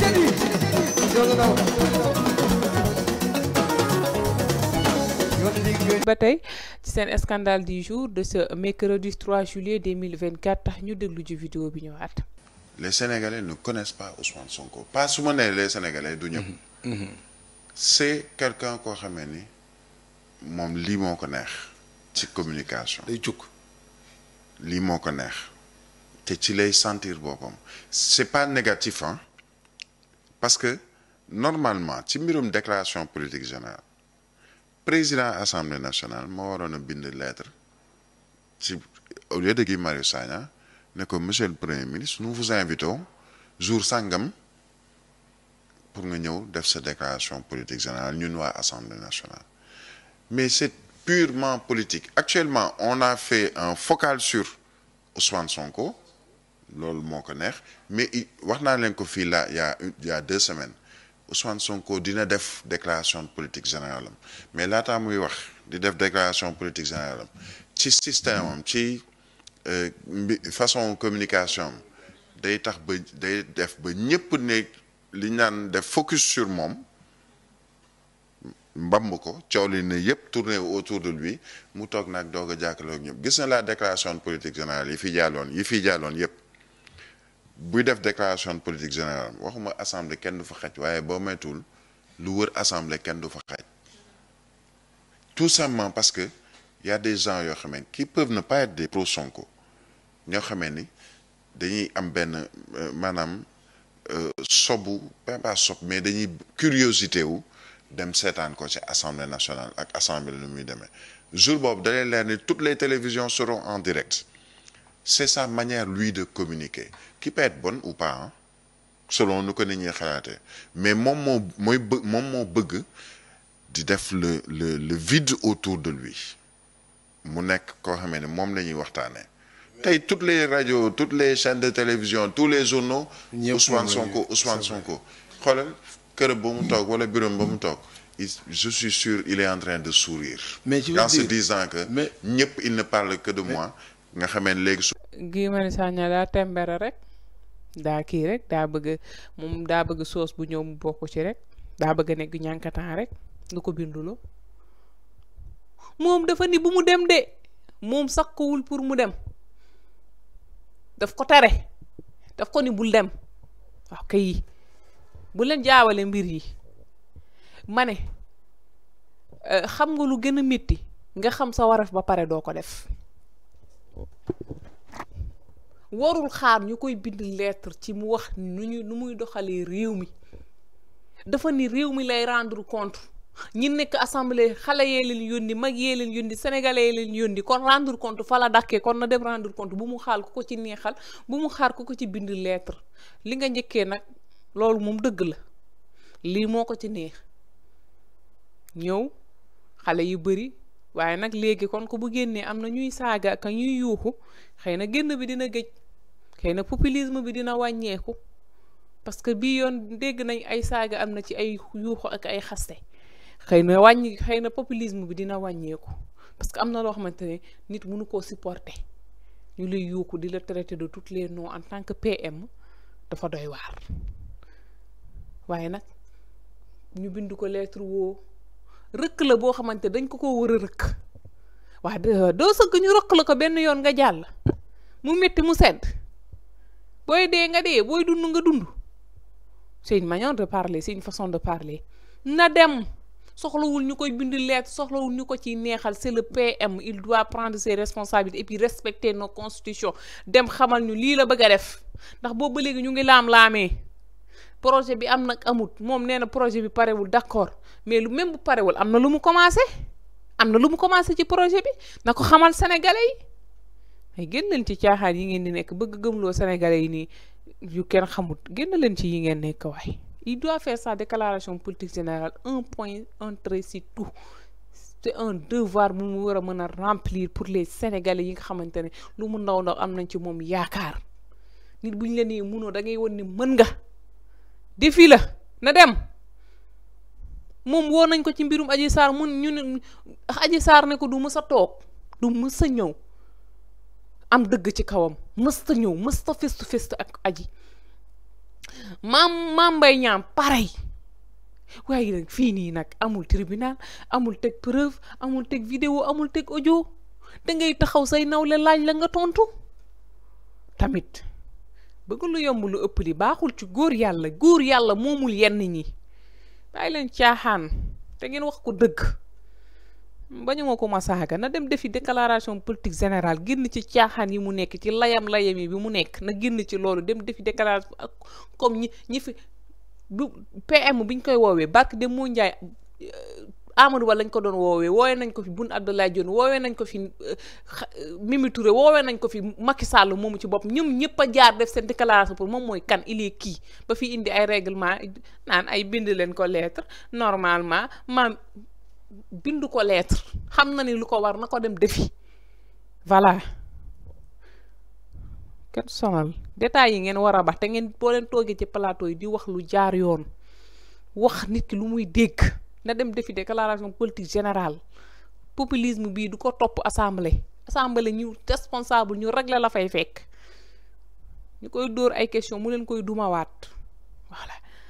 jadi jadi jonga daw ba tey ci seen scandale du jour de ce mercredi 3 juillet 2024 tax ñu déglu ji vidéo bi ñëwaat les sénégalais ne connaissent pas Ousmane Sonko pas su du ñëpp mm-hmm. Mm-hmm. c'est quelqu'un koo xamee ni moom lii moo ko neex ci communication day jug lii moo ko neex te ci lay sentir boppam c'est pas négatif hein parce que normalement ci mbirum déclaration politique générale président assemblée nationale moo waroon a bind lettre ci au lieu de Guy Marius Sagna ne ko monsieur le premier ministre nous vous invitons jour sangam pour nga ñëw def sa déclaration politique générale ñun waa assemblée nationale mais c'est purement politique actuellement on a fait un focal sur Ousmane Sonko loolu moo ko neex mais wax naa leen ko fii la yaa y a deux semaines Ousmane Sonko dina def déclaration politique générale mais mais laataa muy wax di def déclaration politique générale am ci système am ci euh, façon communication am day tax ba day def ba ñëpp ne li ñu naan def focus sur moom mbamb ko coow li ne yëpp tourné autour de lui mu toog nag doog a jàkkaarloo ak ñëpp gis na la déclaration de politique générale yi fi jàlloon yi fi jaaloon yëpp buy def déclaration de politique générale waxuma assemblée kenn du fa xaj waaye boo moytuwul lu wër assemblée kenn du fa xaj tout simplement parce que y des gens yoo xamee qui peuvent na pas être des pro Sonko ñoo xamee ni dañuy am benn euh, maanaam euh, sobu pas sob mais dañuy curiosité wu dem seetaan ko ci assemblée nationale ak assemblée nu muy demee jour boobu dalee leer ni toutes les télévisions seront en direct c'est sa manière lui de communiquer qui peut bon bonne ou pas hein, selon nu ko nit ñuy xalaatee mais moom moo moo bëgg di def le le le vide autour de lui mu nekk koo xamee ne moom la ñuy waxtaanee tey toutes les radios toutes les chaines de télévision tous les journaux. Ousmane Sonko Ousmane Sonko. xoolal kër ba mu toog wala bureau ba mu toog. je suis sûr il est en train de sourire. mais je veux dire que. mais ñëpp il ne parle que de moi. nga xamee léegi su. Guy Marius daa tembere rek daa kii rek daa bëgg moom daa bëgg soos bu ñëw mu bokk ci rek daa bëgg nekk ñànkataan rek lu ko binduloo moom dafa ni bu mu dem de moom sakkuwul pour mu dem daf ko tere daf ko ni bul dem waaw kay bu leen jaawale mbir yi ma ne eh, xam nga lu gën a métti nga xam sa waraf ba pare doo ko def. warul xaar ñu koy bind leetr ci mu wax nu ñu nu muy doxalee réew mi dafa ni réew mi lay rendre compte ñi nekk assemblée xale yee leen yónni mag yee leen yónni sénégalais yee leen yónni kon rendre compte fa la dàkkee kon na dem rendre compte bu mu xaar ku ko ci neexal bu mu xaar ku ko ci bind lettre li nga njëkkee nag loolu moom dëgg la lii moo ko ci neex ñëw xale yu bëri waaye nag léegi kon ku bu génnee am na ñuy saaga ak ñuy yuuxu xëy na génn bi dina géej xëy na populisme bi dina wàññeeku parce que bii yoon dégg nañ ay saaga am na ci ay yuuxu ak ay xaste xëy na wàññi xëy na populisme bi dina wàññeeku parce que am na loo xamante ne nit munu koo supporter ñu lay yuuxu di la traiter de toutes les noms en tant que PM dafa doy waar waaye nag ñu bind ko lettre woo rëkk la boo xamante dañ ko ko war a rëkk wax euh, doo sëgg ñu rëkk la ko benn yoon nga jàll mu metti mu sedd booy dee nga dee booy dund nga dund c'est une manière de parler c'est façon de parler na dem soxlawul ñu koy bind lettre soxlawul ñu ko ciy neexal c'est le PM il doit prendre ses responsabilités et puis respecter nos constitutions dem xamal ñu lii la bëgg a def ndax boobu léegi ñu ngi laam-laamee projet bi am nag amut moom nee na projet bi parewul d'accord mais lu même bu parewul am na lu mu commencé am na lu mu commencé ci projet bi na ko xamal sénégalais yi ay génn ci caaxaan yi ngeen di nekk bëgg gëmloo sénégalais yi nii yu kenn xamut génn leen ci yi ngeen nekk waaye il doit faire sa déclaration politique générale un point un trait c'est tout un devoir bu mu war a mën a remplir pour les sénégalais yi nga xamante ne lu mu ndaw ndaw am nañ ci moom yaakaar nit bu ñu la nee munoo dangay ngay won ni mën nga défi la na dem moom woo nañ ko ci mbirum Adji Sarr mun ñu ne Adji Sarr ne ko du mësa toog du mës ñëw am dëgg ci kawam mës ñëw mës ta festu ak aji maam maam mbay ñaam parey waaye nag fii nii nag amul tribunal amul teg preuve amul teg vidéo amul teg audio da ngay taxaw say nawle laaj la nga tontu tamit bëgg lu yomb lu ëpp li baaxul ci góor yàlla góor yàlla moomul yenn ñi bàyyi leen caaxaan te ngeen wax ko dëgg bañu ko ma saaga na dem defi déclaration politique générale génn ci caaxaan yi mu nekk ci layam layam yi bi mu nekk na génn ci loolu dem defi déclaration ak comme ñi ñi fi du PM biñ koy woowee barke dem moo njaay Amadou Ba lañ ko doon woowee woowee nañ ko fi Boun Abdallah Dionne woowee nañ ko fi euh, Mimi Touré woowee nañ ko fi Macky Sall moomu ci bopp ñoom ñëpp a jaar def seen déclaration pour moom mooy kan il kii ba fi indi ay réglement naan ay bind leen ko lettre normalement maam bind ko lettre xam na ni lu ko war na ko dem defi voilà kenn sonal détails yi ngeen war a bax te ngeen boo leen toogee ci plateau yi di wax lu jaar yoon wax nit ki lu muy dégg na dem défi déclaration politique générale populisme bii du ko topp assemblée assemblée ñu responsable ñu régler la fay fekk ñu koy dóor ay question mu leen koy dumawaat voilà.